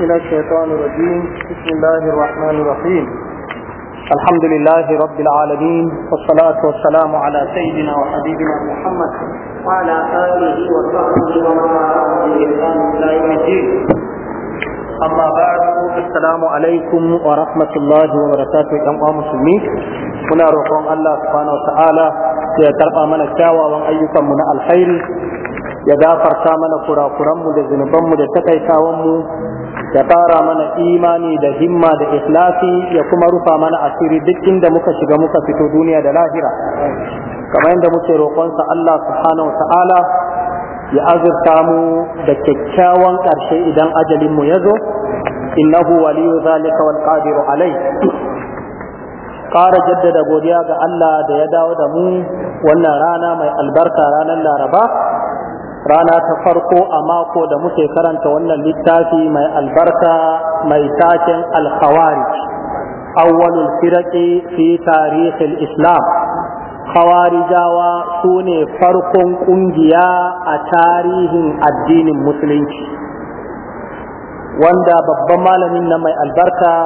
من الشيطان الرجيم بسم الله الرحمن الرحيم الحمد لله رب العالمين والصلاة والسلام على سيدنا وحبيبنا محمد وعلى آله وصحبه ومن لا يوم الدين أما بعد السلام عليكم ورحمة الله وبركاته يا مسلمين muna roƙon Allah subhanahu ta'ala ya karɓa mana kyawawan ayyukanmu na alkhairi ya gafarta mana kurakuranmu da zunubanmu da takaitawanmu ya fara mana imani da himma da ikhlasi ya kuma rufa mana asiri duk inda muka shiga muka fito duniya da lahira kamar yadda muke roƙonsa Allah subhanahu ta'ala ya azurta mu da kyakkyawan ƙarshe idan ajalinmu ya zo innahu waliyu zalika wal qadiru alai ƙara jaddada godiya ga Allah da ya dawo da mu wannan rana mai albarka ranar Laraba rana ta farko a mako da muke karanta wannan littafi mai albarka mai taken alkhawarij awwalul firaqi fi tarihil islam khawarijawa sune farkon kungiya a tarihin addinin musulunci wanda babban malamin na mai albarka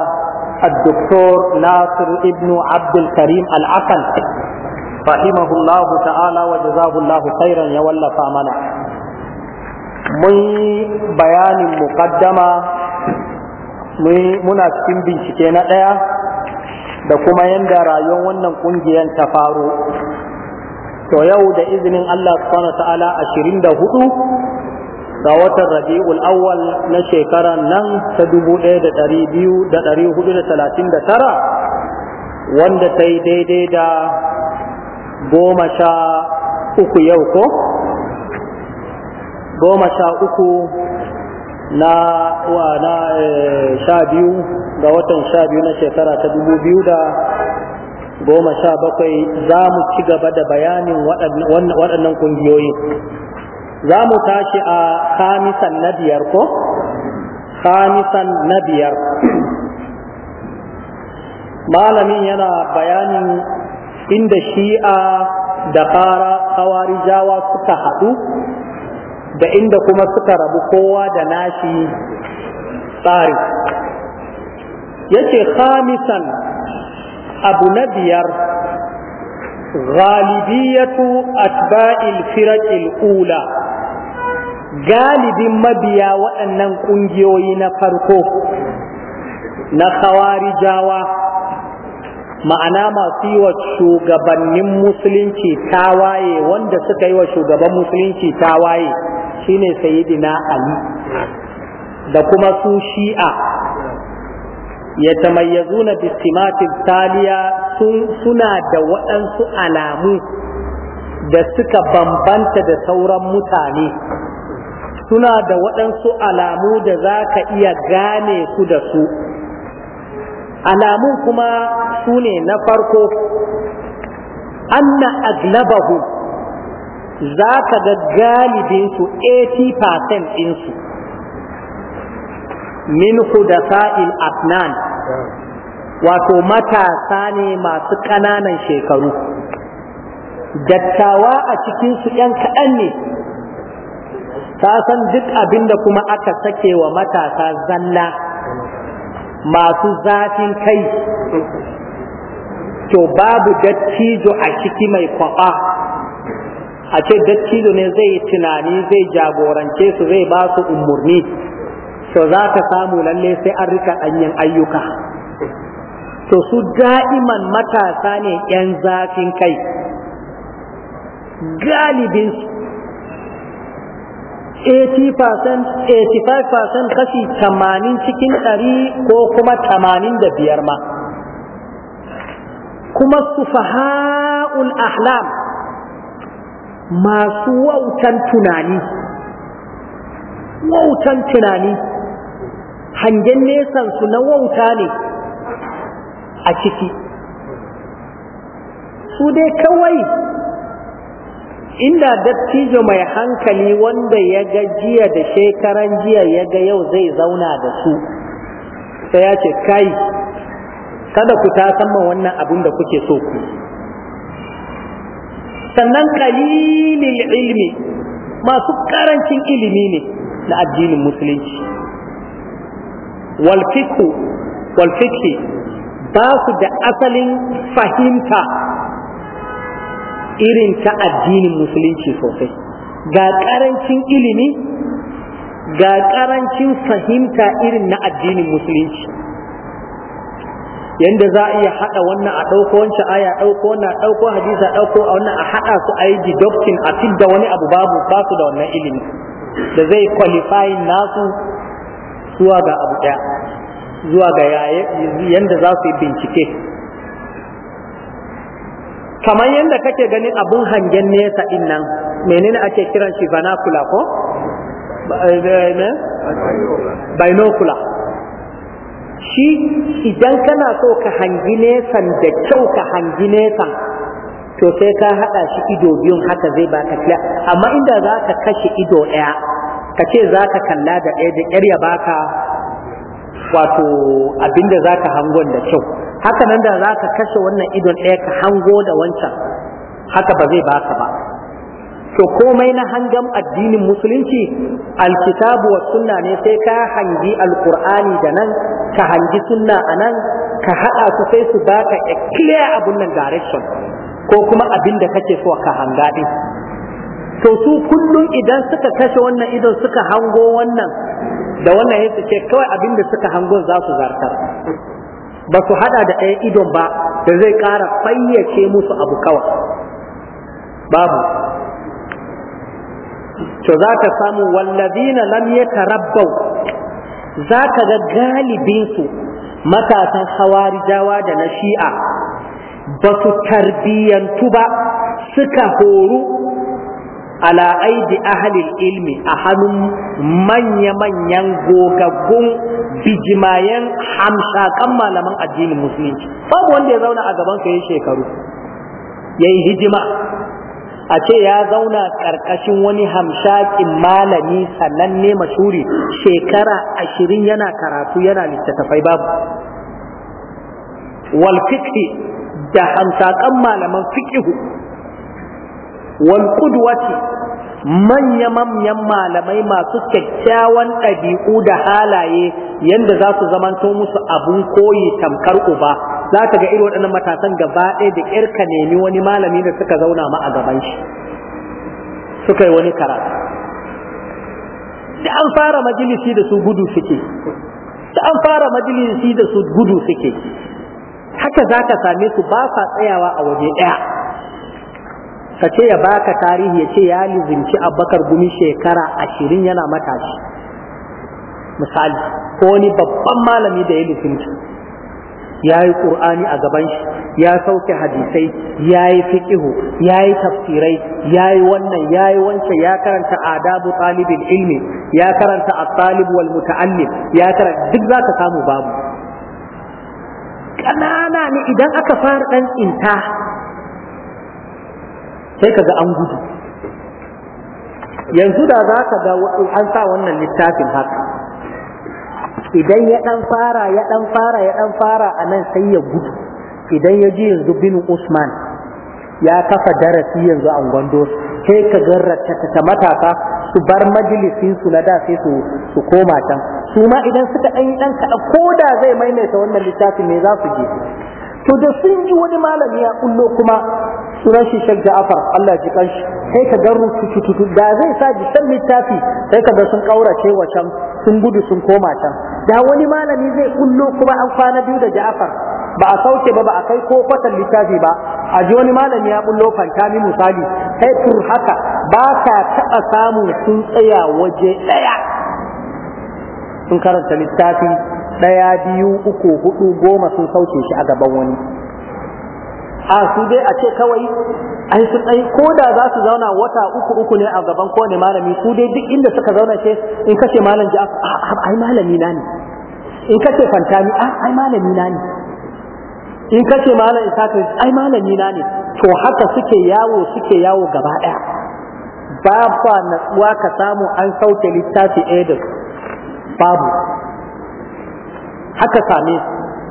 الدكتور ناصر ابن عبد الكريم العقل رحمه الله تعالى وجزاه الله خيرا يولى فامنا mun yi bayanin mukaddama muna cikin bincike na ɗaya da kuma yadda rayuwar wannan ƙungiyar ta faru to yau da izinin Allah subhanahu ta'ala ashirin da hudu ga watan rabi'ul awwal na shekarar nan ta dubu ɗaya da ɗari biyu da ɗari hudu da talatin da tara wanda ta yi daidai da goma sha uku yau ko goma sha uku na wa na eh, sha biyu ga watan sha biyu na shekara ta dubu biyu da goma sha bakwai za mu ci gaba da bayanin waɗannan ƙungiyoyi za mu tashi a kamisan na biyar ko kamisan na biyar malamin yana bayanin inda shi'a da fara hawari jawa suka haɗu da inda kuma suka rabu kowa da nashi tsari yace khamisan abu na biyar ghalibiyatu atba'il firaqil ula galibin mabiya waɗannan ƙungiyoyi na farko na khawarijawa ma'ana masu yi wa shugabannin musulunci tawaye wanda suka yi wa shugaban musulunci tawaye shine sayyidina ali da kuma su shi'a ya tamayyazu na taliya suna da waɗansu alamu da suka bambanta da sauran mutane suna da waɗansu alamu da za ka iya gane su da su alamun kuma su ne na farko anna aglabahu za ka ga galibinsu 80% ɗinsu min hudasa'il afnan wato matasa ne masu ƙananan shekaru dattawa a cikinsu ‘yan kaɗan ne ta san duk abinda kuma aka sake wa matasa zalla masu zafin kai to babu dattijo a ciki mai kwaba a ce dattijo ne zai tunani zai jagorance su zai ba su umarni to za ka samu lalle sai an rika ɗanyen ayyuka to su da'iman matasa ne 'yan zafin kai galibinsu 85% kashi 80 cikin 100 ko kuma 85 ma kuma su sufaha'ul ahlam masu wautan tunani wautan tunani hangen nesansu na wauta ne a ciki su dai kawai inda dattijo mai hankali wanda ya ga jiya da shekaran jiya ya ga yau zai zauna da su sai ya ce kai kada ku ta samman wannan abin da kuke so ku sannan kalilin ilimi masu karancin ilimi ne na addinin musulunci walfiku walfiki ba su da asalin fahimta irin ta addinin musulunci sosai ga ƙarancin ilimi ga ƙarancin fahimta irin na addinin musulunci yanda za a iya haɗa wannan a ɗauko wancan aya ɗauko wannan ɗauko hadisa ɗauko a wannan a haɗa su a yi deducting a fidda wani abu babu ba su da wannan ilimi da zai qualifying nasu zuwa ga abu ɗaya zuwa ga yanda za su yi bincike kamar yadda kake ganin abun hangen nesa din nan menene ake kiran shi banakula ko eh, eh, eh? binocular shi idan kana so ka hangi nesan da kyau ka hangi nesan to sai ka haɗa shi ido biyun haka zai baka kiya amma inda za ka kashe ido ɗaya ka ce za ka kalla da ɗaya da ƙyar ya baka wato abinda za ka hangon da kyau haka nan da za ka kashe wannan idon ɗaya ka hango da wancan haka ba zai baka ba to komai na hangen addinin musulunci alkitabu wa sunna ne sai ka hangi alkur'ani da nan ka hangi sunna a nan ka haɗa su sai su baka a clear abun nan direction ko kuma abin da kake so ka hanga ɗin to su kullum idan suka kashe wannan idon suka hango wannan da wannan yake ce kawai abin da suka hango za su zartar ba su hada da ɗaya idon ba da zai ƙara fayyace musu abu kawa babu to za ka samu wallazina lam yatarabbau za ka ga galibinsu matasan hawarijawa da na shi'a ba su tarbiyyantu ba suka horu ala aidi ahalil ilmi a hannun manya-manyan gogaggun bijimayen hamshakan malaman addinin musulunci babu wanda ya zauna a gaban ka yi shekaru ya yi hijima a ce ya zauna ƙarƙashin wani hamshakin malami sannan ne mashuri shekara ashirin yana karatu yana littattafai babu wal da hamsakan malaman fikihu wal qudwati manya-manyan malamai masu kyakkyawan dabi'u da halaye yadda za su zamanto musu abun koyi tamkar uba za ka ga irin waɗannan matasan gaba ɗaya da ƙirka nemi wani malami da suka zauna ma a gaban shi suka yi wani karatu da an fara majalisi da su gudu suke da an fara majalisi da su gudu suke haka za ka same su ba sa tsayawa a waje ɗaya ka ce ya baka tarihi ya ce ya lizinci abakar gumi shekara ashirin yana matashi misali ko wani babban malami da ya lizinci ya yi ƙur'ani a gaban shi ya sauke hadisai ya yi fiƙihu ya yi tafsirai ya yi wannan ya yi wancan ya karanta adabu talibin ilmi ya karanta a talibu wal muta'allim ya karanta duk za ka samu babu ƙanana ne idan aka fara ɗan tsinta sai kaga an gudu yanzu da za ka ga an sa wannan littafin haka idan ya dan fara ya dan fara ya dan fara a nan sai ya gudu idan ya ji yanzu bin usman ya kafa darasi yanzu a gwando sai ka ga ta matasa su bar majalisin su na da sai su su koma can su ma idan suka dan yi dan ko da zai maimaita wannan littafin ne za su je to da sun ji wani malami ya kullo kuma sunan shi Sheikh Ja'far Allah ji kanshi sai ka ga tututu da zai sa ji san littafi sai ka ga sun kaurace wa can sun gudu sun koma can da wani malami zai kullo kuma an kwana biyu da Ja'far ba a sauke ba ba a kai ko kwatan littafi ba a ji wani malami ya kullo fanta mi misali sai tur haka ba ka taɓa samu sun tsaya waje ɗaya sun karanta littafi ɗaya biyu uku hudu goma sun sauke shi a gaban wani a su dai a ce kawai ai su tsaye ko da za su zauna wata uku uku ne a gaban kowane malami su dai duk inda suka zauna ce in kashe malam ji ah, ah, ai malami na ne in fantani, fantami ah, ai malami na ne in kashe malam isaka ai malami na ne to haka suke yawo suke yawo gaba daya babu natsuwa ka samu an sauke littafi ɗaya babu haka same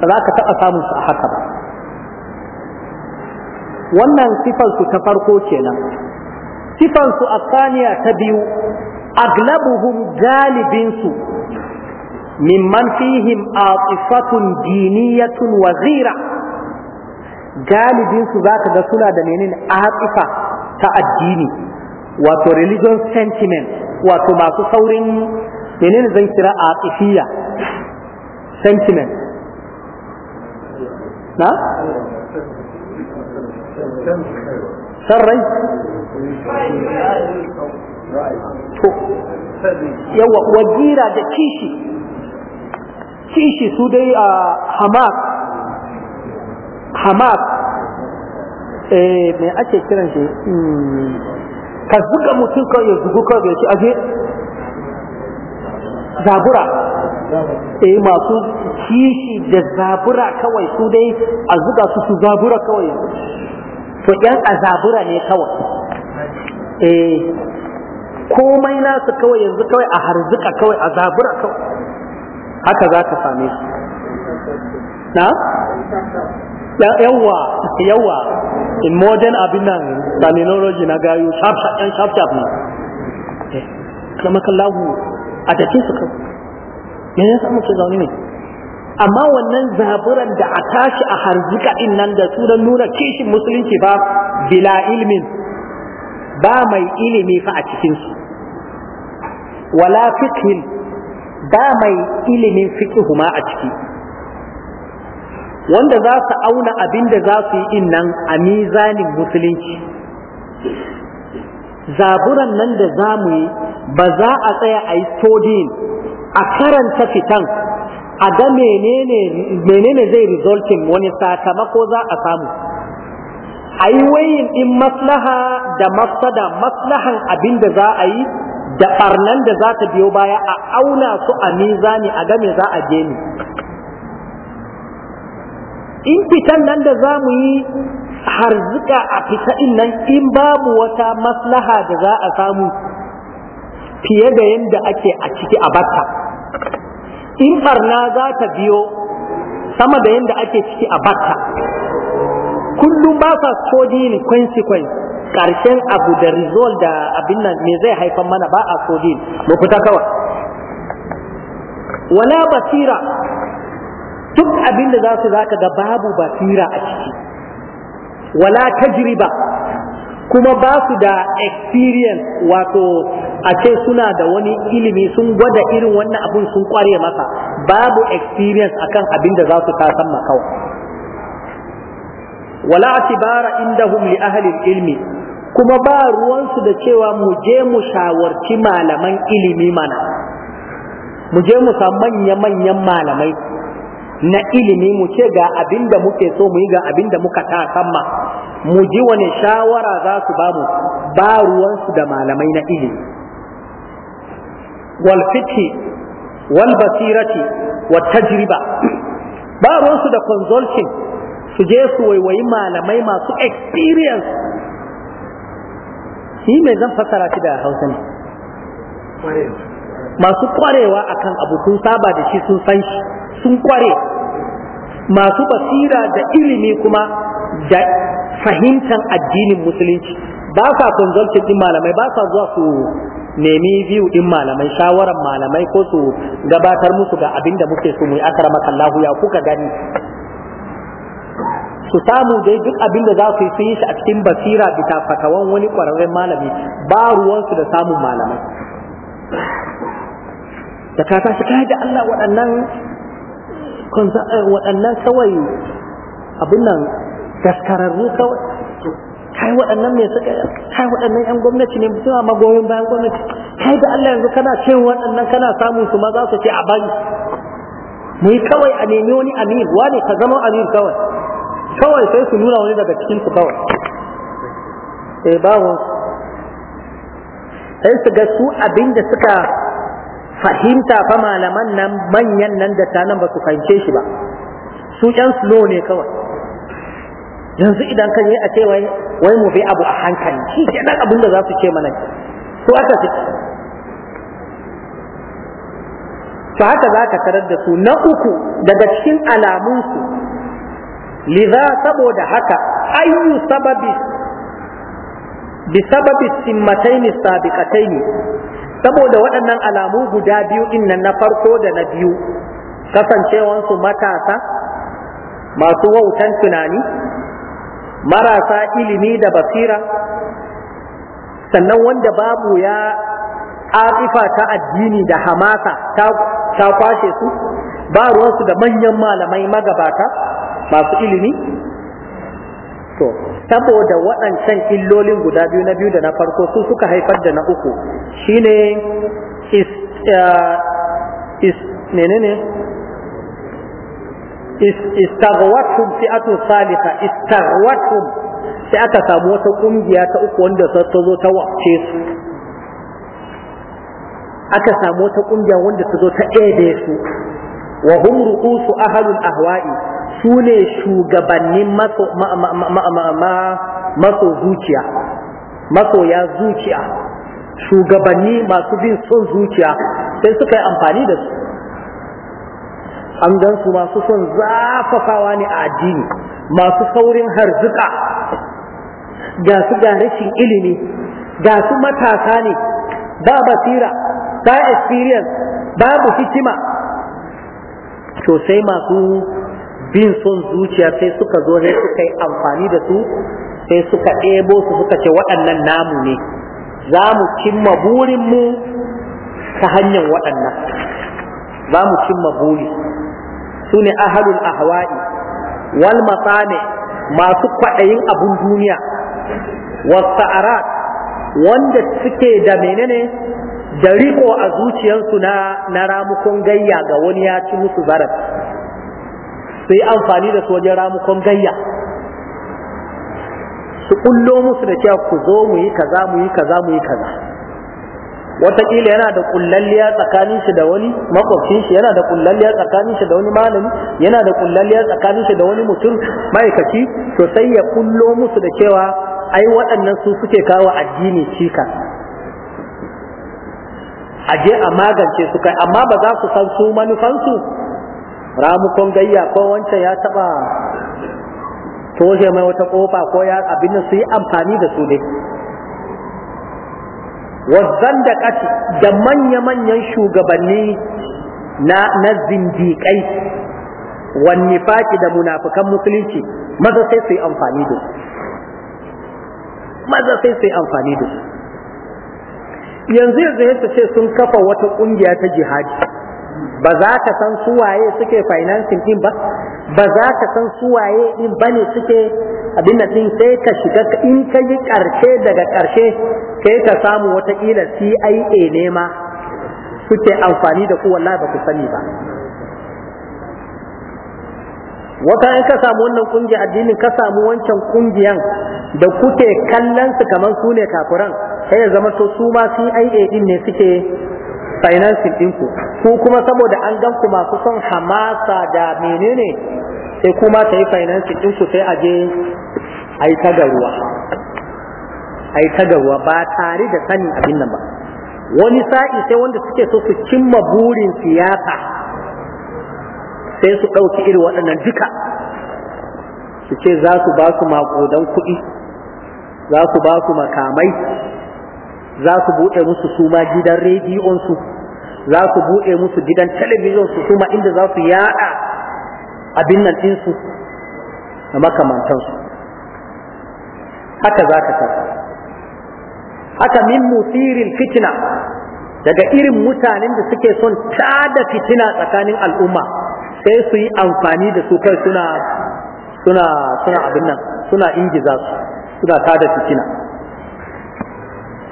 su ba za ka taɓa samun su a haka ba wannan su ta farko kenan sifansu a saniya ta biyu aglabuhum galibinsu mimman fihim atifatun diniyatun wazira galibinsu za ka ga suna da menene atifa ta addini wato religion sentiment wato masu saurin menene zan kira atifiya sentiment na san rai to yawa wajira da kishi kishi su dai a hamas hamas eh me ake kiran shi hmm, ka zuga mutum kawai ya zugu kawai ya ci aje zabura eh masu kishi da zabura kawai su dai a zuga su su zabura kawai to yan zabura ne kawai eh komai nasu kawai yanzu kawai a harzuka kawai a zabura kawai haka za ka same su na yawa yawa in modern abin nan terminology na gayu sharp sharp yan sharp sharp ne kama kallahu a tafi su kawai yi samun muke zaune ne amma wannan zaburan da a tashi a harzika din nan da don nuna kishin musulunci ba bila ilmin ba mai ilimi fa a cikinsu, wala fiqhin ba mai ilimin fiqhu ma a ciki wanda za su auna abin da za su yi in nan a mizanin musulunci zaburan nan da za mu yi ba za a tsaya a yi a karanta fitan a ga menene zai resulting wani sakamako za a samu a yi wayin in maslaha da masada maslahan abin da za a yi da ɓarnan da za ta biyo baya a auna su a mizani a game za a je ni in fitan nan da za mu yi harzika a fita nan in babu wata maslaha da za a samu fiye da yadda ake a ciki a batta in barna za ta biyo sama da yadda ake ciki a batta kullum ba sa soji ne consequence karshen abu da result da abin nan me zai haifar mana ba a soji mu fita kawai wala basira duk abin da za su zaka ga babu basira a ciki wala tajriba kuma ba su da experience wato a ce suna da wani ilimi sun gwada irin wannan abun sun kware masa babu experience akan abin da za su tasan makawa wala atibara indahum li ahli ilmi kuma ba ruwansu da cewa mu je mu shawarci malaman ilimi mana mu je mu samu manya-manyan malamai na ilimi mu ce ga abin da muke so mu yi ga abin da muka tasamma mu ji wani shawara za su ba mu ba ruwansu da malamai na ilimi wal fiqhi wal basirati wat tajriba ba ruwansu da consulting su je su waiwayi malamai masu experience shi mai zan fassara shi da hausa ne masu kwarewa akan abu sun saba da shi sun san shi sun kware masu basira da ilimi kuma da fahimtar addinin musulunci ba sa consulting din malamai ba sa zuwa su nemi biyu din malamai shawaran malamai ko su gabatar musu ga abinda da muke so mu yi akramaka kallahu ya kuka gani su samu dai duk abin da za su yi yi shi a cikin basira bisa fatawan wani kwararren malami ba ruwansu da samun malamai da ka tashi kai da Allah waɗannan eh, waɗannan kawai abin nan daskararru kawai kai waɗannan me suka kai waɗannan yan gwamnati ne suna magoyin bayan gwamnati kai da Allah yanzu kana ce waɗannan kana samun su ma za su ce a bari mu yi kawai a nemi wani amir wani ka zama amir kawai kawai sai su nuna wani daga cikin su kawai eh bawo sai su ga su abin da suka fahimta fa malaman nan manyan nan da ta nan ba su fahimce shi ba su ƴan slow ne kawai yanzu idan kan yi a ce wai wai mu bi abu a hankali shi nan abin da za su ce mana to aka ce to haka za ka tarar da su na uku daga cikin alamunsu liza saboda haka ayyu sababi bi sababi simmataini sabiqataini saboda waɗannan alamu guda biyu innan na farko da na biyu kasancewansu matasa masu wautan tunani marasa ilimi da basira sannan wanda babu ya afifa ta addini da hamasa ta kwashe su ba ruwansu da manyan malamai magabata masu ilimi to saboda waɗancan illolin guda biyu na biyu da na farko su suka haifar da na uku shine is, uh, is istaghwatum fi'atu salisa istaghwatum sai aka samu wata kungiya ta uku wanda ta zo ta wace su aka samu wata kungiya wanda ta zo ta ede su wa hum ru'usu ahlul ahwa'i su ne shugabannin maso maso zuciya ya zuciya shugabanni masu bin son zuciya sai suka yi amfani da su an gan su masu son zafafawa ne a addini masu saurin harzuka ga su ga rashin ilimi ga su matasa ne ba basira ba experience babu hikima to sai masu bin son zuciya sai suka zo ne suka yi amfani da su sai suka ɗebo su suka ce waɗannan namu ne za mu cimma burinmu ta hanyar waɗannan za mu cimma burinmu su ne ahalul ahwa'i wal matsane masu kwaɗayin abun duniya wasa'arat wanda suke da menene da riko a zuciyarsu na na ramukon gayya ga wani ya ci musu zarar sai amfani da su wajen ramukon gayya su kullo musu da cewa ku zo mu yi kaza mu yi kaza mu yi kaza watakila yana da kullalliya tsakanin shi da wani makwabcin shi yana da kullalliya tsakanin shi da wani malami yana da kullalliya tsakanin shi da wani mutum ma'aikaci to sai ya kullo musu da cewa ai waɗannan su suke kawo addini cika Aje a magance su kai amma ba za su san su manufansu ramukon gayya ko wancan ya taɓa toshe mai wata kofa ko ya abin su yi amfani da su dai wazzandaqati da manya-manyan shugabanni na na zindiƙai wan faki da munafikan musulunci maza sai su yi amfani da su maza sai su yi amfani da su yanzu yanzu yadda ce sun kafa wata kungiya ta jihadi ba za ka san suwaye suke financing din ba ba za ka san suwaye din ba ne suke abin da din sai ka shiga in ka yi karshe daga karshe sai ka samu watakila CIA ne ma suke amfani da ku wallahi ba ku sani ba wata in ka samu wannan kungiya addinin ka samu wancan kungiyan da kuke kallon su kamar su ne sai ya zama to su ma CIA din ne suke financing ɗinku ko kuma saboda an gan ku masu son hamasa da menene sai kuma ta yi financing ɗinku sai a je a yi garuwa a yi garuwa ba tare da sanin abin nan ba wani sa'i sai wanda suke so su cimma burin siyasa sai su ɗauki irin waɗannan duka su ce za su ba su maƙudan kuɗi za su ba su makamai za su buɗe musu su ma gidan rediyonsu za su buɗe musu gidan talabijinsu su ma inda za su yaɗa abin nan ɗinsu da makamantansu haka za ka tafi haka min musirin fitina daga irin mutanen da suke son tada fitina tsakanin al'umma sai su yi amfani da su kai suna suna suna abin nan suna ingiza su suna tada fitina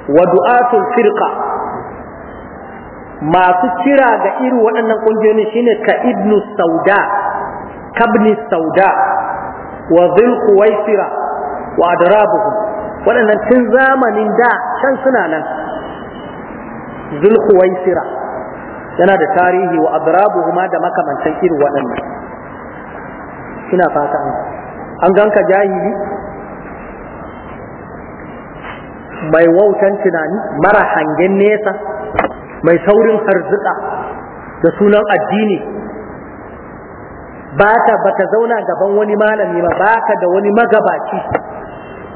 wa du'atul firqa masu kira ga irin waɗannan ƙungiyoyin shine ka ibnu sauda kabni sauda wa zil quwaisira wa adrabuhum waɗannan tun zamanin da can suna nan zil quwaisira yana da tarihi wa adrabuhum da makamantan irin waɗannan suna fata an ganka jahili mai wautan tunani mara hangen nesa mai saurin harzuka da sunan addini ba ka baka zauna gaban wani malami ba ba ka da wani magabaci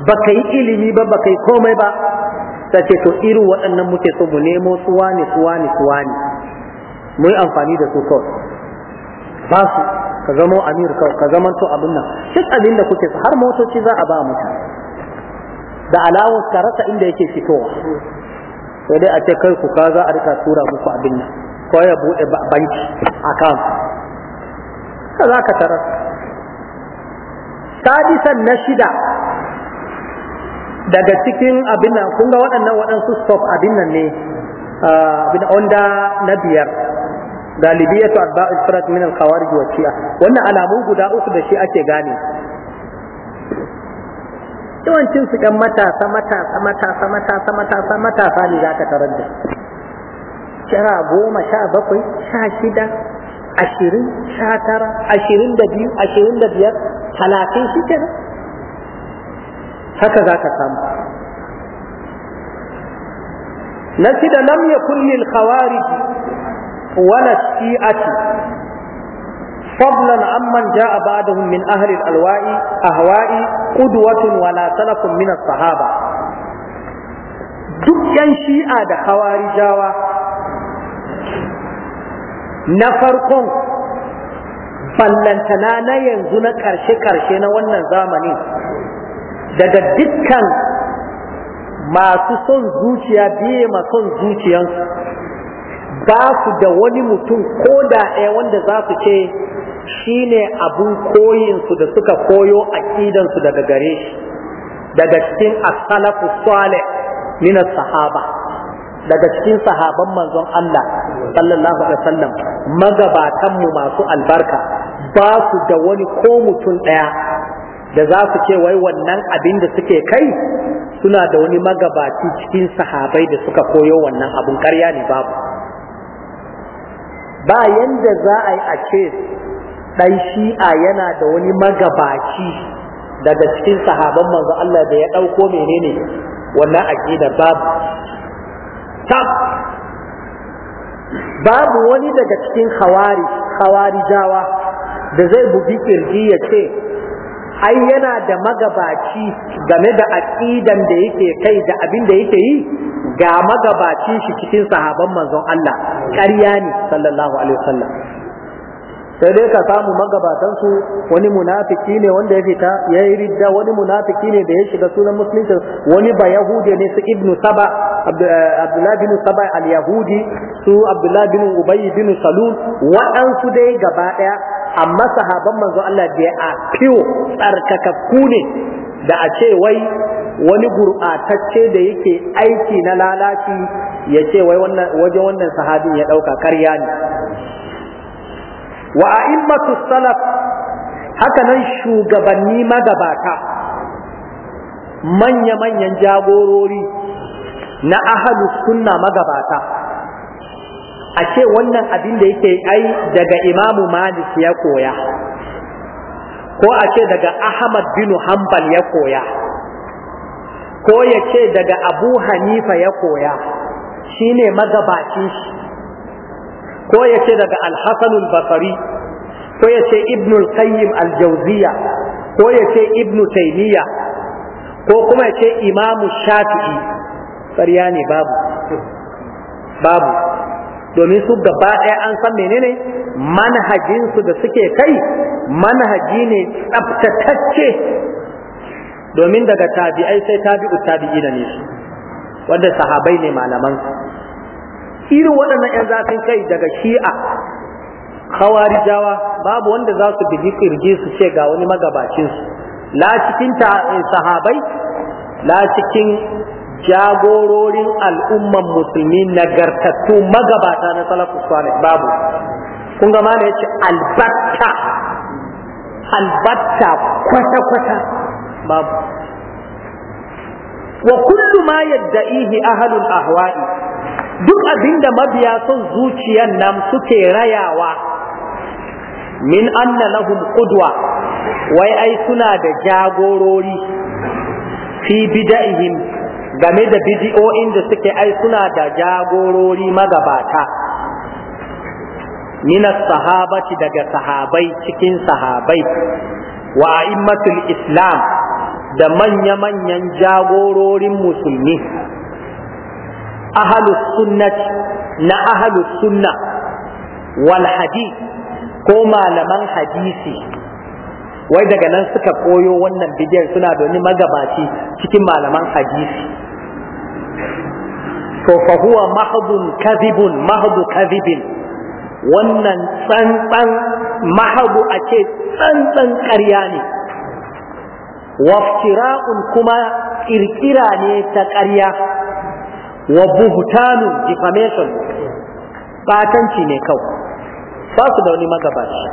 ba ka yi ilimi ba ka yi komai ba ta ce to irin waɗannan muke so mu nemo suwa ne suwa ne suwa ne mu yi amfani da su kawai ba su ka zama amir kawai ka zama to abin nan duk abin da kuke so har motoci za a ba mutane da alawar karasa inda yake fitowa sai dai a ce kai ku ka za a rika tura muku abin nan ko ya buɗe banki akan ka za ka tarar sadisan na shida daga cikin abin nan kun ga waɗannan waɗansu stop abin nan ne ah, abin onda na biyar galibiyatu arba'il firat min al-khawarij wa shi'a wannan alamu guda uku da shi ake gane yawancin su ɗan matasa matasa matasa matasa matasa matasa ne za ka tarar da shara goma sha bakwai sha shida ashirin sha tara ashirin da biyu ashirin da biyar talatin shi kenan haka za ka samu na shida lam yakun lil khawarij wala shi'ati فضلا عمن جاء بعدهم من أهل الألواء أهواء قدوة ولا سلف من الصحابة duk yan shi'a da hawarijawa na farkon ballantana na yanzu na ƙarshe-ƙarshe na wannan zamanin daga dukkan masu son zuciya biye ma son zuciyansu ba su da wani mutum ko da ɗaya wanda za su ce Shi ne abun koyinsu da suka koyo a ƙidansu daga gare shi daga cikin asalafu tsale Nina sahaba daga cikin sahaban manzon Allah sallallahu alaihi wasallam magabatan masu albarka ba su da wani ko mutum ɗaya, da za su ce wai wannan abin da suke kai suna da wani magabaci cikin sahabai da suka koyo wannan abun karya ne babu ba yanda za a yi a ce dan shi'a yana da wani magabaci daga cikin sahaban manzo Allah da ya ɗauko menene wannan aqida babu tab babu wani daga cikin khawari jawa da zai bugi kirji ya ce ai yana da magabaci game da aƙidan da yake kai da abin da yake yi ga magabacin shi cikin sahaban manzon Allah ƙarya ne sallallahu alaihi wasallam sai dai ka samu magabatan su wani munafiki ne wanda ya fita ya yi ridda wani munafiki ne da ya shiga sunan musulunci wani ba Yahudi ne su ibnu saba eh, abdullahi bin saba al yahudi su abdullahi bin ubayy bin salul waɗansu dai gaba ɗaya amma sahaban manzo Allah da ya fiyo tsarkakakku ne da a ce wai wani gurɓatacce da yake aiki na lalaci ya ce wai wajen wannan sahabin ya ɗauka karya ne wa a'immatu salaf haka nan shugabanni magabata manya-manyan jagorori na ahalu sunna magabata a ce wannan abin da yake ai daga imamu malik ya koya ko a ce daga ahmad bin hanbal ya koya ko ya ce daga abu hanifa ya koya shine magabacin shi ko ya ce daga alhassan al-basari ko ya ce ibn al-qayyim al-jawziya ko ya ce ibn taymiya ko kuma ya ce Imam shafi'i ƙarya ne babu babu domin su gaba ɗaya an san menene manhajinsu da suke kai manhaji ne tsaftatacce domin daga tabi'ai sai tabi'u tabi'ina ne wanda sahabai ne malaman irin waɗannan 'yan zafin kai daga shi'a jawa babu wanda za su bigi su ce ga wani magabacinsu la cikin eh, sahabai la cikin jagororin al'umman musulmi nagartattu magabata na salafu salih babu kun ga mana yace albatta albatta kwata kwata babu wa kullu ma ihi ahalul ahwa'i duk abinda mabiya son zuciyan nan suke rayawa min anna lahum qudwa wai ai suna da jagorori fi bida'ihim game da bidi'o'in da suke ai suna da jagorori magabata min sahabati daga sahabai cikin sahabai wa a'immatul islam da manya-manyan jagororin musulmi ahalus sunnati na ahalus sunna wal hadith ko malaman hadisi wai daga nan suka koyo wannan bidiyar suna da magabaci cikin malaman hadisi to fa huwa mahdun kadhibun mahdu kadhibin wannan tsantsan mahdu a ce tsantsan ƙarya ne waftira'un kuma kirkira ne ta ƙarya wa buhtanu defamation batanci ne kawai ba su da wani magabaci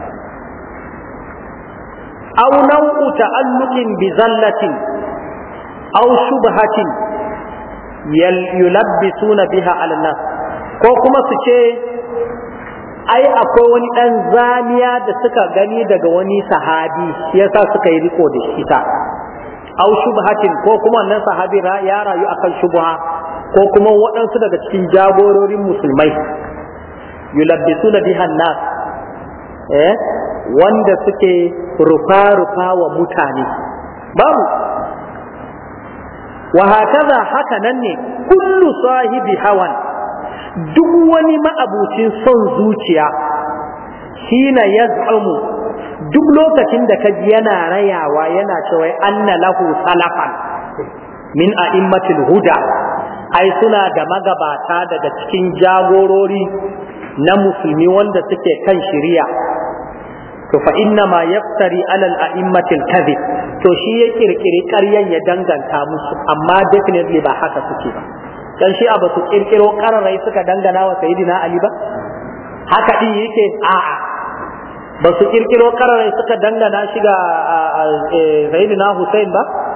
aw nau'u ta'alluqin bi zallatin aw shubhatin yulabbisuna biha 'ala nas ko kuma su ce ai akwai wani ɗan zaniya da suka gani daga wani sahabi yasa suka yi riko da shi ta au shubhatin ko kuma wannan sahabi ya rayu akan shubha ko kuma waɗansu daga cikin jagororin musulmai yulabbisu na bihan nas eh wanda suke rufa-rufa wa mutane babu wa hakaza haka nan ne kullu sahibi hawan duk wani ma'abucin son zuciya shina yaz'umu duk lokacin da kaji yana rayawa yana cewa anna lahu salafan min a'immatil huda ai suna da magabata daga cikin jagorori na musulmi wanda suke kan shiriya to fa inna ma yaftari alal al kadhib to shi ya kirkiri ƙaryan ya danganta musu amma definitely ba haka suke ba dan shi abu su kirkiro ƙararrai suka dangana wa sayyidina ali ba haka din yake a'a ba su kirkiro ƙararrai suka dangana shi ga eh, sayyidina husain ba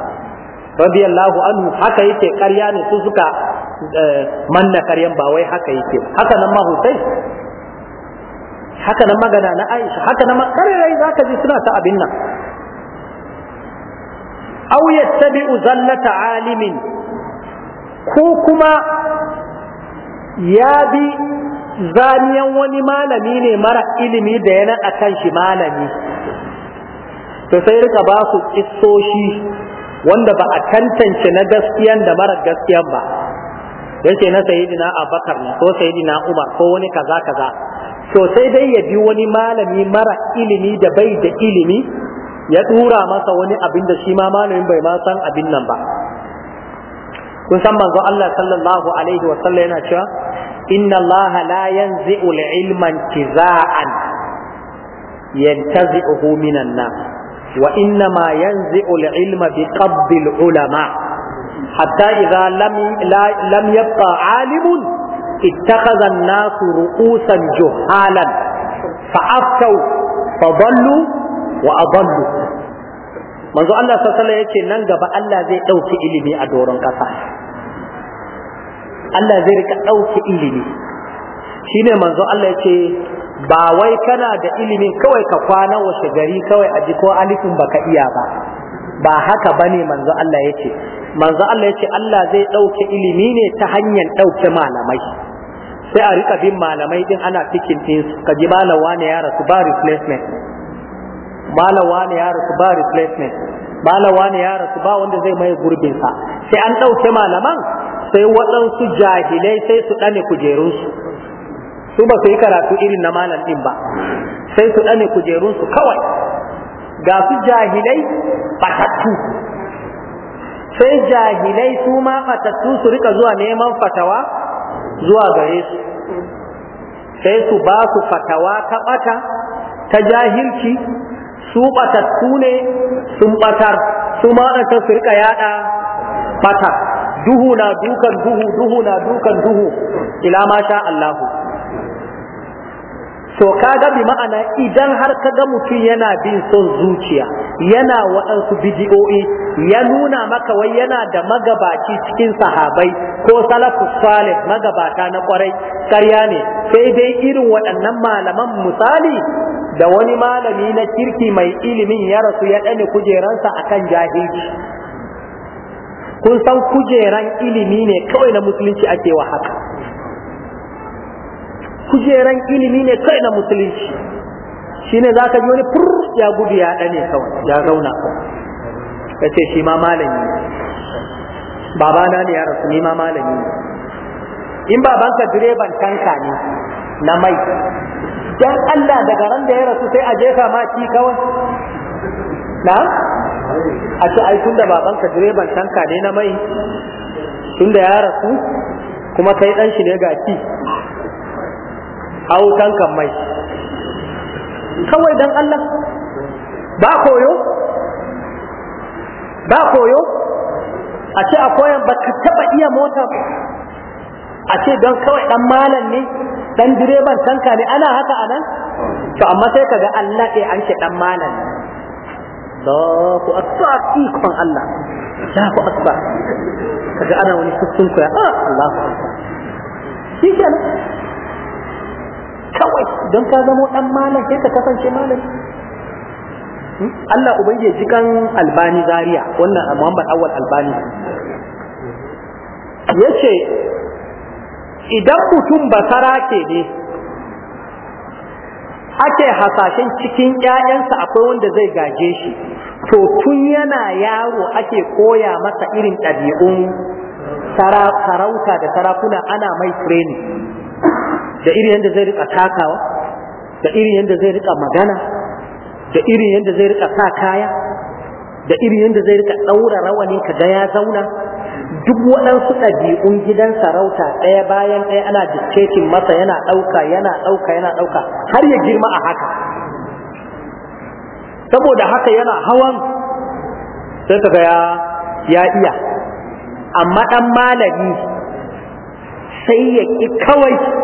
radiyallahu anhu haka yake ƙarya ne su suka eh, manna karyan ba wai haka yake haka nan ma Hussein haka nan magana na Aisha haka nan ƙarrai zaka ji suna ta abin nan aw yattabi'u zallata alimin ko kuma ya bi zaniyan wani malami ne mara ilimi da yana akan shi malami to sai rika ba su kissoshi wanda ba a tantance na gaskiyan da mara gaskiyan ba yace na sayyidina abakar ne ko sayyidina umar ko wani kaza kaza to sai dai ya bi wani malami mara ilimi da bai da ilimi ya tura masa wani abin da shi ma malamin bai ma san abin nan ba kun san manzo Allah sallallahu alaihi wa sallam yana cewa inna Allah la yanzi'u al-ilma intiza'an yantazi'uhu minan nas wa inna ma yanzi'u al-ilma bi qabdi ulama hatta idza lam lam 'alimun ittakhadha an-nas ru'usan juhalan fa'aftu fadallu wa adallu manzo Allah sallallahu alaihi yace nan gaba Allah zai dauki ilimi a doron kasa Allah zai rika dauki ilimi shine manzo Allah yace ba wai kana da ilimin kawai ka kwana washe gari kawai a ko alifin baka iya ba ba haka bane manzo Allah yake manzo Allah yake Allah zai dauke ilimi ne ta hanyar dauke malamai sai a rika bin malamai din ana cikin din ka ji malawa ne ya rasu ba replacement malawa ne ya rasu ba replacement malawa ne ya rasu ba wanda zai mai gurbin sa sai an dauke malaman sai waɗansu jahilai sai su dane su. su ba su yi karatu irin na malam ɗin ba sai su ɗane kujerunsu kawai ga su jahilai batattu sai jahilai su ma batattu su rika zuwa neman fatawa zuwa gare su sai su ba su fatawa ta ɓata ta jahilci su ɓatattu ne sun ɓatar, su ma ta su rika yaɗa bata duhu na dukan duhu duhu na dukan duhu ila ma sha Allahu to kaga bi ma'ana idan har ka ga mutum yana bin son zuciya yana waɗansu bidiyo'i ya nuna maka wai yana da magabaci cikin sahabai ko salafu salih magabata na kwarai karya ne sai dai irin waɗannan malaman misali da wani malami na kirki mai ilimin ya rasu ya ɗane kujeransa kan jahilci kun san kujeran ilimi ne kawai na musulunci ake wa haka kujeran ilimi ne kai na musulunci ne za ka ji wani fur ya gudu ya ɗane kawai ya zauna ya ce shi ma malami babana ne ya rasu ni ma malami ne in babanka direban tanka ne na mai dan Allah daga ran da ya rasu sai a jefa ma ki kawai na a ce ai da babanka direban tanka ne na mai tun da ya rasu kuma kai dan shi ne ga ci hau kan mai kawai don Allah ba koyo ba koyo a ce a koyan ba ka taba iya mota a ce don kawai dan malam ne dan direban tanka ne ana haka a nan to amma sai kaga Allah ɗaya an ce dan malam Allahu akbar kan Allah ku akbar kaga ana wani sukun koya ya ah, Allah akbar shi kenan kawai don ka zamo dan malam sai ka kasance malam hmm? Allah ubangi ya jikan albani zaria wannan Muhammad awal albani yace idan mutum basara ke ne ake hasashen cikin ƴaƴansa akwai wanda zai gaje shi to tun yana yaro ake koya masa irin ɗabi'un sarauta da sarakuna ana mai training da irin yadda zai rika takawa da irin yadda zai rika magana da irin yadda zai rika sa kaya da irin yadda zai rika daura rawanin ka ga ya zauna duk waɗansu ɗabi'un gidan sarauta ɗaya bayan ɗaya ana dictating masa yana ɗauka yana ɗauka yana ɗauka har ya girma a haka saboda haka yana hawan sai ka ya ya iya amma ɗan malami sai ya ƙi kawai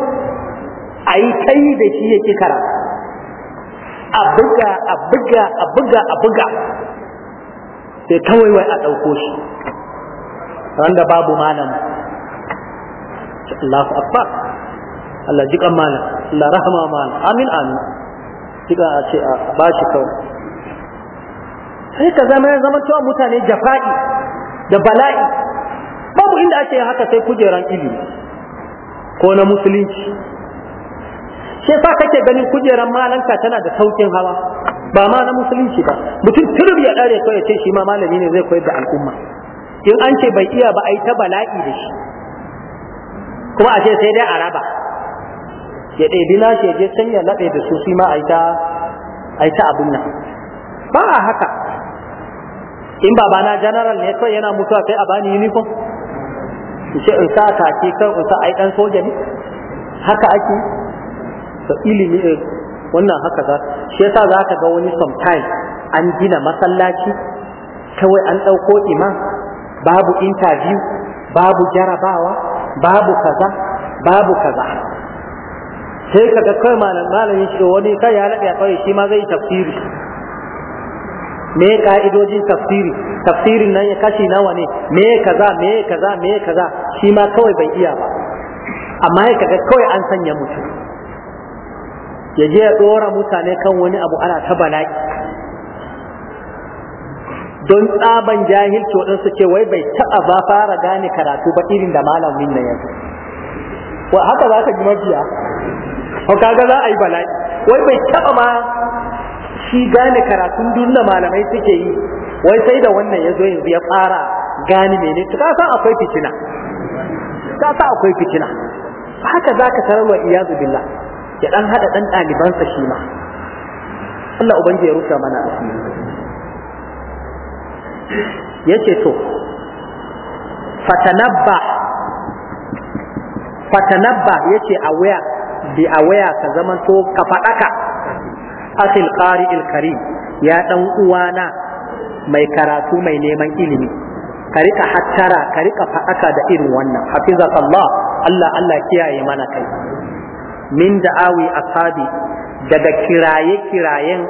a yi ta yi da shi ya kara, a buga a buga a buga a buga sai kawai wai a ɗauko shi wanda babu malam Allahu akbar Allah jikan malam Allah rahama malam amin amin jika a ce a bashi kawai sai ka zama ya zama cewa mutane jafa'i da bala'i babu inda ake haka sai kujeran ilimi ko na musulunci shi sa kake ganin kujeran malanka tana da saukin hawa ba ma na musulunci ba mutum turbi ya dare ya ce shi ma malami ne zai koyar da al'umma in an ce bai iya ba a yi ta bala'i da shi kuma a ce sai dai a raba ya ɗebi shi ya je can ya laɓe da su shi ma a yi ta abin nan ba a haka in babana general ne kawai yana mutuwa sai a bani uniform ce in sa ke kan in sa ai dan soja ne haka ake da ilimi eh, wannan haka za shi yasa za ka ga wani sometime an gina masallaci kawai an ɗauko imam babu interview babu jarabawa babu kaza babu kaza sai ka ga kai malamin shi wani kai ya laɓe a kawai shi ma zai tafsiri me ka'idojin tafsiri tafsirin nan ya kashi nawa ne me kaza me kaza me kaza shi ma kawai bai iya ba amma ya kaga kawai an sanya mutum ya je ya ɗora mutane kan wani abu ana ta bala'i don tsaban jahilci waɗansu ce wai bai taɓa ba fara gane karatu ba irin da malamin na yanzu wa haka za ka ji mafiya? ko kaga za a yi bala'i wai bai taɓa ma shi gane karatun duk da malamai suke yi wai sai da wannan ya zo yanzu ya fara gane mene ka san akwai fitina ka san akwai fitina haka za ka tararwa iyazu billah ya dan hada dan ɗalibansa shi ma Allah ubangiji ya rufe mana asiri yace to fatanabba fatanabba yace aware bi aware ka zaman to ka fadaka asil qari karim ya dan uwana mai karatu mai neman ilimi ka rika hattara ka rika fadaka da irin wannan hafizaka Allah Allah Allah kiyaye mana kai min da'awi ashabi daga kiraye-kirayen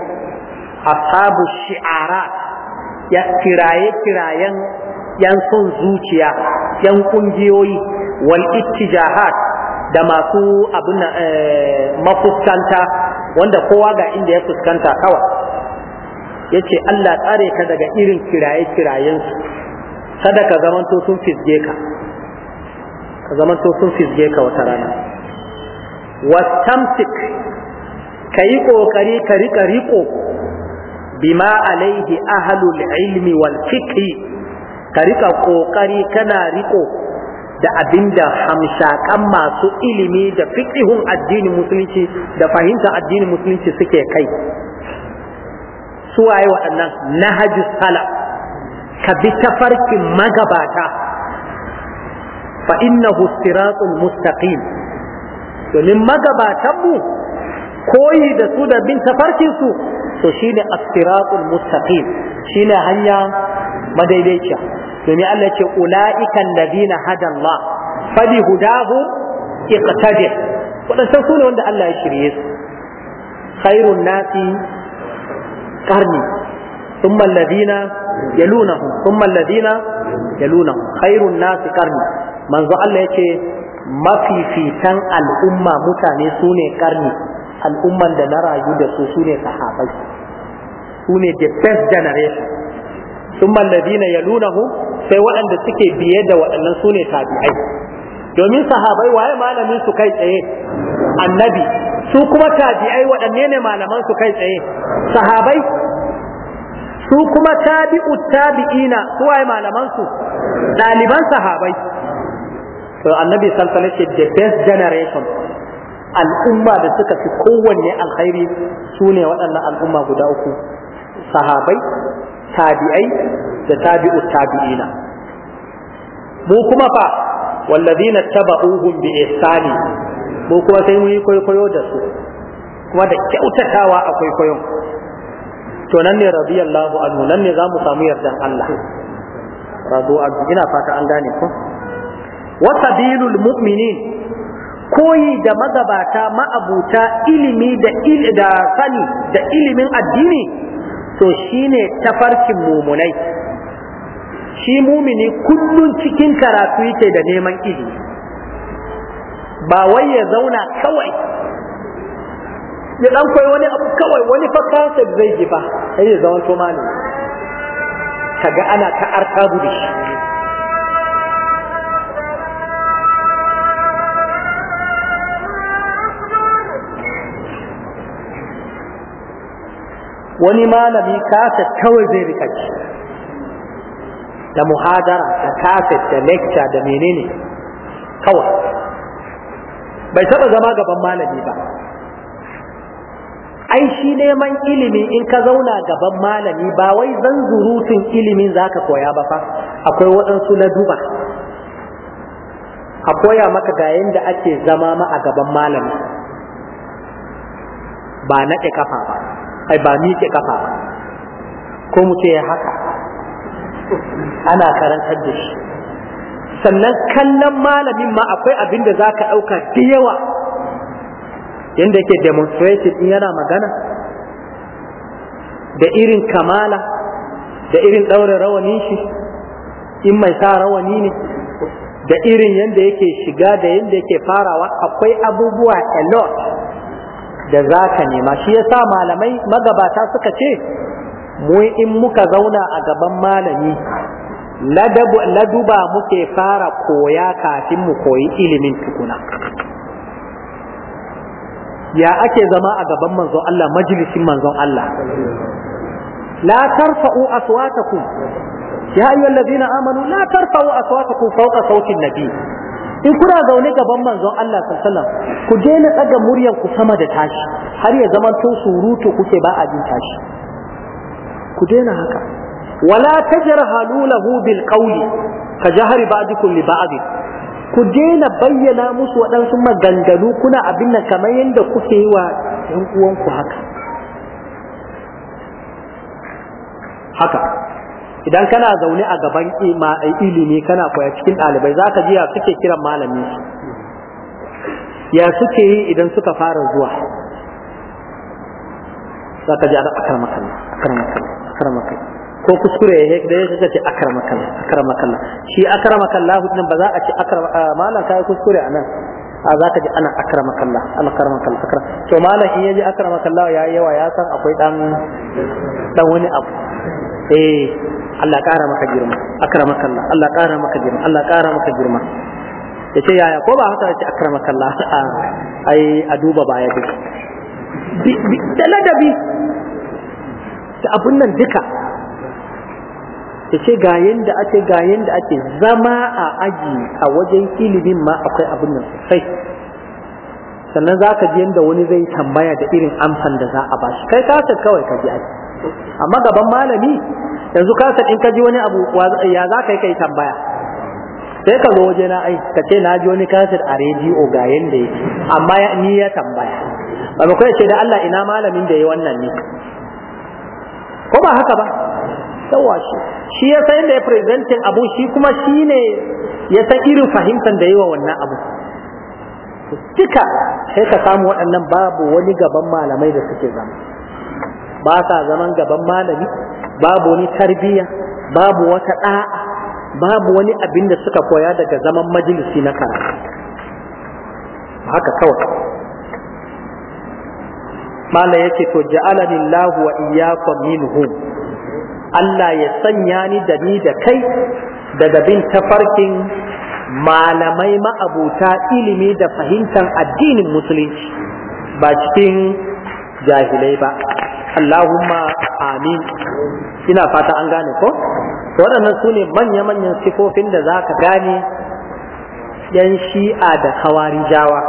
ashabu shi'ara ya kiraye-kirayen yan son zuciya yan kungiyoyi wal ittijahat da masu abin eh, mafuskanta wanda kowa ga inda ya fuskanta kawai yace Allah tsare ka daga irin kiraye-kirayensu sadaka ka zamanto sun fisge ka ka zamanto sun fisge ka wata rana wastamtik ka yi ƙoƙari ka riƙa riƙo bima alaihi ahalul ilmi wal fiqhi ka riƙa ƙoƙari kana riƙo da abinda hamshaƙan masu ilimi da fiqihun addinin musulunci da fahimtar addinin musulunci suke kai suwaye waɗannan nahaju salaf ka bi tafarkin magabata fa innahu siratul mustaqim domin magabatanmu koyi da su da bin tafarkinsu to shine as-siratul mustaqim shine hanya madaidaiciya domin Allah ce ula'ika alladhina hada Allah fadi hudahu iqtadi wadannan su ne wanda Allah ya shirye su khairun nasi qarni thumma alladhina yalunahum thumma alladhina yalunahum khairun nasi qarni manzo Allah yake mafifitan al'umma mutane su ne karni al'umman da na rayu da su su ne sahabai su ne the best generation sun na ya lunahu sai waɗanda suke biye da waɗannan su ne tabi'ai domin sahabai waye malamin su kai tsaye annabi su kuma tabi'ai waɗanne ne malaman su kai tsaye sahabai su kuma tabi'u tabi'ina su waye malaman su ɗaliban sahabai to annabi sallallahu alaihi wasallam the best generation al'umma da suka fi kowanne alkhairi sune waɗannan al'umma guda uku sahabai tabi'ai da tabi'u tabi'ina mu kuma fa wallazina taba'uhum bi ihsani mu kuma sai mu yi kwaikwayo da su kuma da kyautatawa a kwaikwayon to nan ne radiyallahu anhu nan ne za mu samu yardan Allah radu ina fata an gane ko wa sabilul mu'minin koyi da magabata ma'abuta ilimi da da sani da ilimin addini to shine tafarkin mumunai shi mumini kullun cikin karatu yake da neman ilimi ba wai ya zauna kawai ya dan koyi wani abu kawai wani fa zai ji ba sai ya zama to malami kaga ana ta artabu da shi wani malami kaset kawai zai rika ci da muhadara da kaset da lecture da menene kawai bai taba zama gaban malami ba ai shi neman ilimi in ka zauna gaban malami ba wai zan zurutun ilimin zaka koya ba fa akwai waɗansu na duba a koya maka ga yadda ake zama ma a gaban malami ba naɗe kafa ba ai ba miƙe kafa ko mu ce haka ana karantar da shi sannan kallon malamin ma akwai abin da za ka ɗauka da yawa yadda yake demonstrated in yana magana da irin kamala da irin ɗaure rawani shi in mai sa rawani ne da irin yadda yake shiga da yadda yake farawa akwai abubuwa a lot da za ka nema shi ya sa malamai magabata suka ce mu in muka zauna a gaban malami laduba muke fara koya kafin mu koyi ilimin tukuna ya ake zama a gaban manzon Allah majalisin manzon Allah la tarfa'u aswatakum ya ayyuhallazina amanu la tarfa'u aswatakum fawqa sautin nabiy in kuna zaune gaban manzon Allah sallallahu ku daina tsaga muryan ku sama da tashi har ya zaman tun surutu kuke ba a jin tashi ku daina haka wala tajar halulahu bil qawli ka jahari ba'dikum li ba'd ku daina bayyana musu waɗansu maganganu kuna abin nan kamar yadda kuke yi wa ƴan uwanku haka haka idan kana zaune a gaban ilimi kana koya cikin ɗalibai za ka jiya suke kiran malami ya suke yi idan suka fara zuwa za ka ji ana akar makalla makalla makalla ko kuskure ya da ya suka ce akar makalla akar makalla shi akar makalla hudun ba za a ce akar malam kai kuskure a nan a za ka ji ana akar makalla akar makalla akar to malam in ya ji akar makalla ya yi yawa ya san akwai dan dan wani abu eh Allah ƙara maka girma akramaka Allah Allah ƙara maka girma Allah ƙara maka girma ya ce yaya ko ba haka ya ce akramaka Allah ah, ai a duba baya duk da ladabi da abun nan duka ya ce ga yanda ake ga yanda ake zama a aji a wajen ilimin ma akwai abun nan sosai sannan za ka ji yadda wani zai tambaya da irin amsan da za a ba shi kai kasa kawai ka ji aji amma gaban malami yanzu ka in ka ji wani abu ya za ka yi kai tambaya sai ka zo waje na ai ka ce na ji wani kasir a rediyo ga yanda yake amma ni ya tambaya ba kai ce da Allah ina malamin da ya wannan ne ko ba haka ba yawa shi shi ya san da ya presenting abu shi kuma shi ne ya san irin fahimtar da yawa wannan abu cika sai ka samu waɗannan babu wani gaban malamai da suke zama ba sa zaman gaban malami babu wani tarbiyya babu wata da'a babu wani abin da suka koya daga zaman majalisi na karatu haka kawai mala yake to ja'alani Allah wa iyyakum minhu Allah ya sanya ni da ni da kai daga bin tafarkin malamai ma'abuta ilimi da fahimtar addinin musulunci ba cikin jahilai ba Allahumma amin ina fata an gane ko waɗannan su ne manya-manyan sifofin da za ka gane yan shi'a da hawari jawa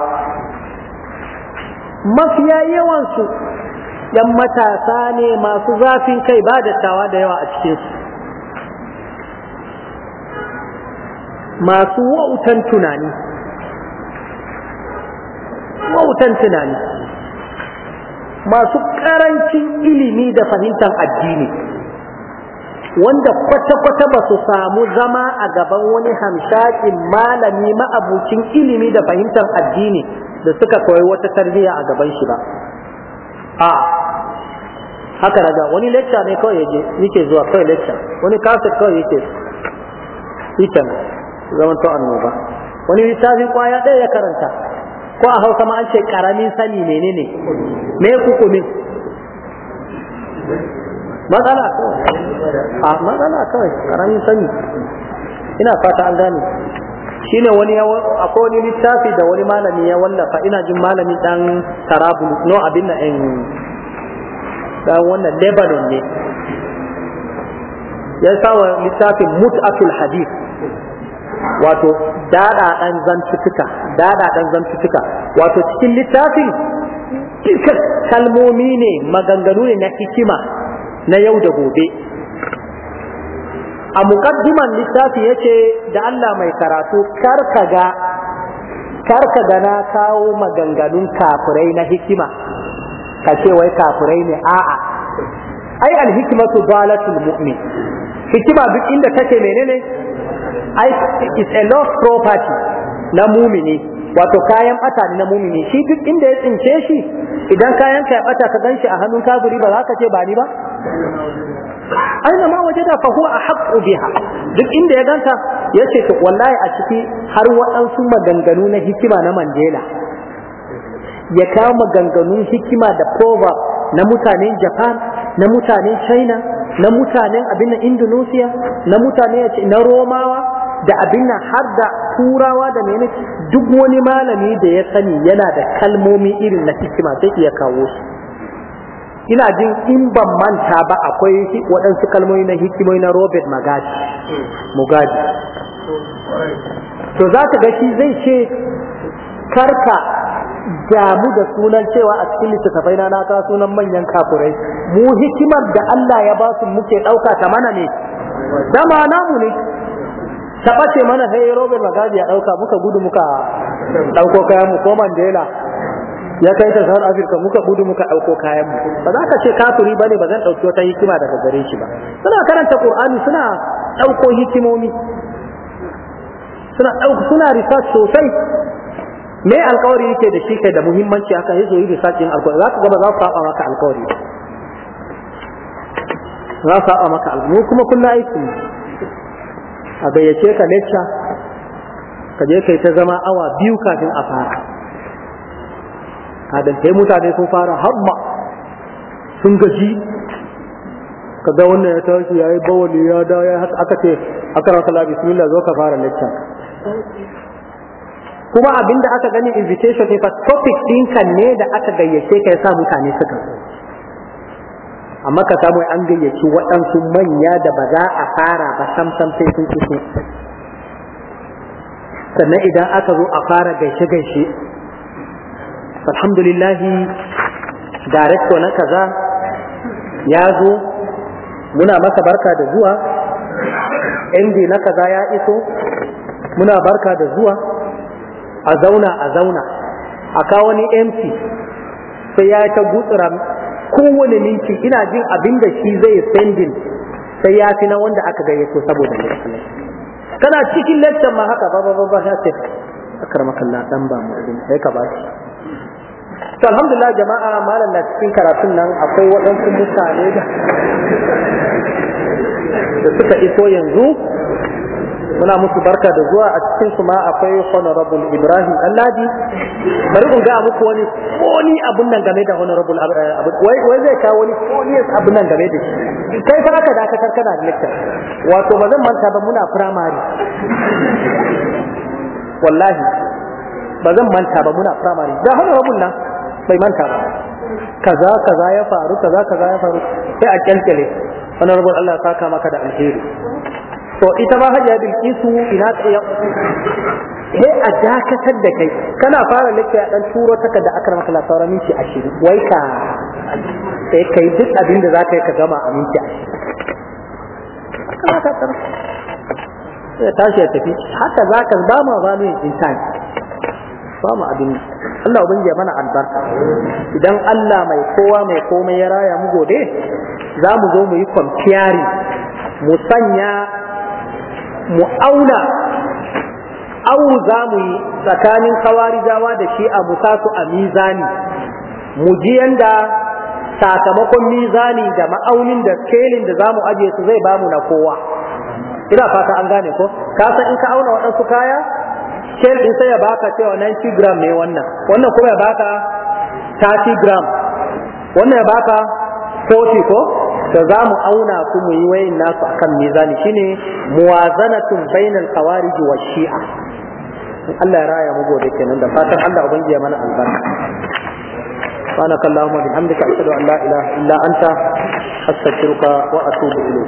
mafiya yawansu yan matasa ne masu zafin kai ba da tawa da yawa a cikinsu masu wautan tunani wautan tunani masu karancin ilimi da fahimtar addini wanda kwata-kwata ba su samu zama a gaban wani hamshakin malami ma'abucin ilimi da fahimtar addini da suka koyi wata tarbiyya a gaban shi ba a haka daga wani lecture ne kawai yake zuwa kawai lecture wani kaset kawai yake ita zama to annoba wani littafin kwaya ɗaya ya karanta ko a hausa ma an ce karamin sani menene me kukumin matsala kawai a matsala kawai karamin sani ina fata an gane shine wani ya akwai wani littafi da wani malami ya wallafa ina jin malami dan tarabul no abin da in dan wannan Lebanon ne ya sawa littafin mut'atul hadith wato dadadan zantuka dadadan zantuka wato cikin littafin kalmomi ne maganganu ne na hikima na yau da gobe a muƙaddiman littafi yake da Allah mai karatu kar ka ga na kawo maganganun kafurai na hikima ka ce wai kafurai ne a'a ai alhikimatu balatul mu'min hikima duk inda take menene is a lost property na mumini wato kayan bata ne na mumini shi duk inda ya tsince shi idan kayan ka ya bata ka ganshi a hannun kafiri ba za ka ce ba ni ba aina ma waje da fa huwa ahqqu biha duk inda ya ganka yace to wallahi a ciki har waɗansu maganganu na hikima na Mandela ya kawo maganganun hikima da proverb na mutanen Japan na mutanen China na mutanen abin nan Indonesia na mutane na Romawa da abin nan har da Turawa da mene duk wani malami da ya sani yana da kalmomi irin na hikima sai iya kawo su ina jin in ban manta ba akwai waɗansu kalmomi na hikimomi na Robert Mugabe Mugabe to za ka ga shi zai ce karka damu da sunan cewa a cikin littattafai na na ka sunan manyan kafurai mu hikimar da Allah ya ba su muke ɗauka ta mana ne dama namu ne ta ɓace mana sai Robert Magadi ya ɗauka muka gudu muka ɗauko kayan mu ko Mandela ya kai ta South Africa muka gudu muka ɗauko kayan mu ba za ka ce ba bane ba zan ɗauki wata hikima daga gare shi ba suna karanta Qur'ani suna ɗauko hikimomi suna ɗauka suna research sosai me alkawari yake da shi kai da muhimmanci haka yake yi da sakin alkawari za ku gaba za su saba maka alkawari za su saba maka alkawari kuma kullum aiki a gayyace ka lecture ka je kai ta zama awa biyu kafin a fara kadan kai mutane sun fara hamma sun gaji ga wannan ya tashi yayi bawali ya da ya haka aka ce akara kala bismillah zo ka fara lecture kuma abin da aka gani invitation ne fa topic kan ne da aka gayyace ka sa mutane suka zo amma ka samu an gayyaci waɗansu manya da ba za a fara ba sam sam sai sun ci sannan idan aka zo a fara gaishe gaishe alhamdulillahi director na kaza ya zo muna masa barka da zuwa md na kaza ya iso muna barka da zuwa a zauna a zauna a kawo ni mc sai ya ta gutsura kowane minti ina jin abin da shi zai spending sai ya fi na wanda aka gayyato saboda ne kana cikin lecture ma haka ba ba ba ba ce akar makalla dan ba mu din sai ka ba shi to alhamdulillah jama'a malam na cikin karatun nan akwai waɗansu mutane da suka iso yanzu muna musu barka da zuwa a cikin su ma akwai honorable ibrahim alladi bari in ga muku wani koni abun nan game da honorable eh, wai wai zai kawo wani koni abun nan game da shi kai fa aka daka kana da lecture wato ba zan manta ba muna primary wallahi ba zan manta ba muna primary da honorable nan bai manta ba kaza kaza ya faru kaza kaza ya faru sai a kyalkyale honorable Allah ya saka maka da alheri to ita ma hajiya bilkisu ina tsaye He a dakatar da kai kana fara lake a dan turo taka da akar maka lasaura minti ashirin wai ka sai kai duk abin da za ka yi ka gama a minti ashirin ya tashi ya tafi haka za ka ba ma ba mai insani ba mu abin Allah ubin ya mana albarka idan Allah mai kowa mai komai ya raya mu gobe za mu zo mu yi kwamfiyari mu sanya mu auna au za mu yi tsakanin dawa da shi a musasu a mizani mu ji yanda sakamakon mizani da ma'aunin da kelin da za mu ajiye su zai bamu na kowa ina fata an gane ko ka san in ka auna waɗansu kaya kel din sai ya baka cewa 90 gram ne wannan wannan kuma ya baka 30 gram wannan ya baka 40 ko da za mu auna su mu yi wayin nasu akan mizani shine muwazanatun bainal khawarij wa shi'a Allah ya raya mu gobe kenan da fatan Allah ubangiji ya mana albarka سبحانك اللهم وبحمدك أشهد أن لا إله إلا أنت أستغفرك وأتوب إليك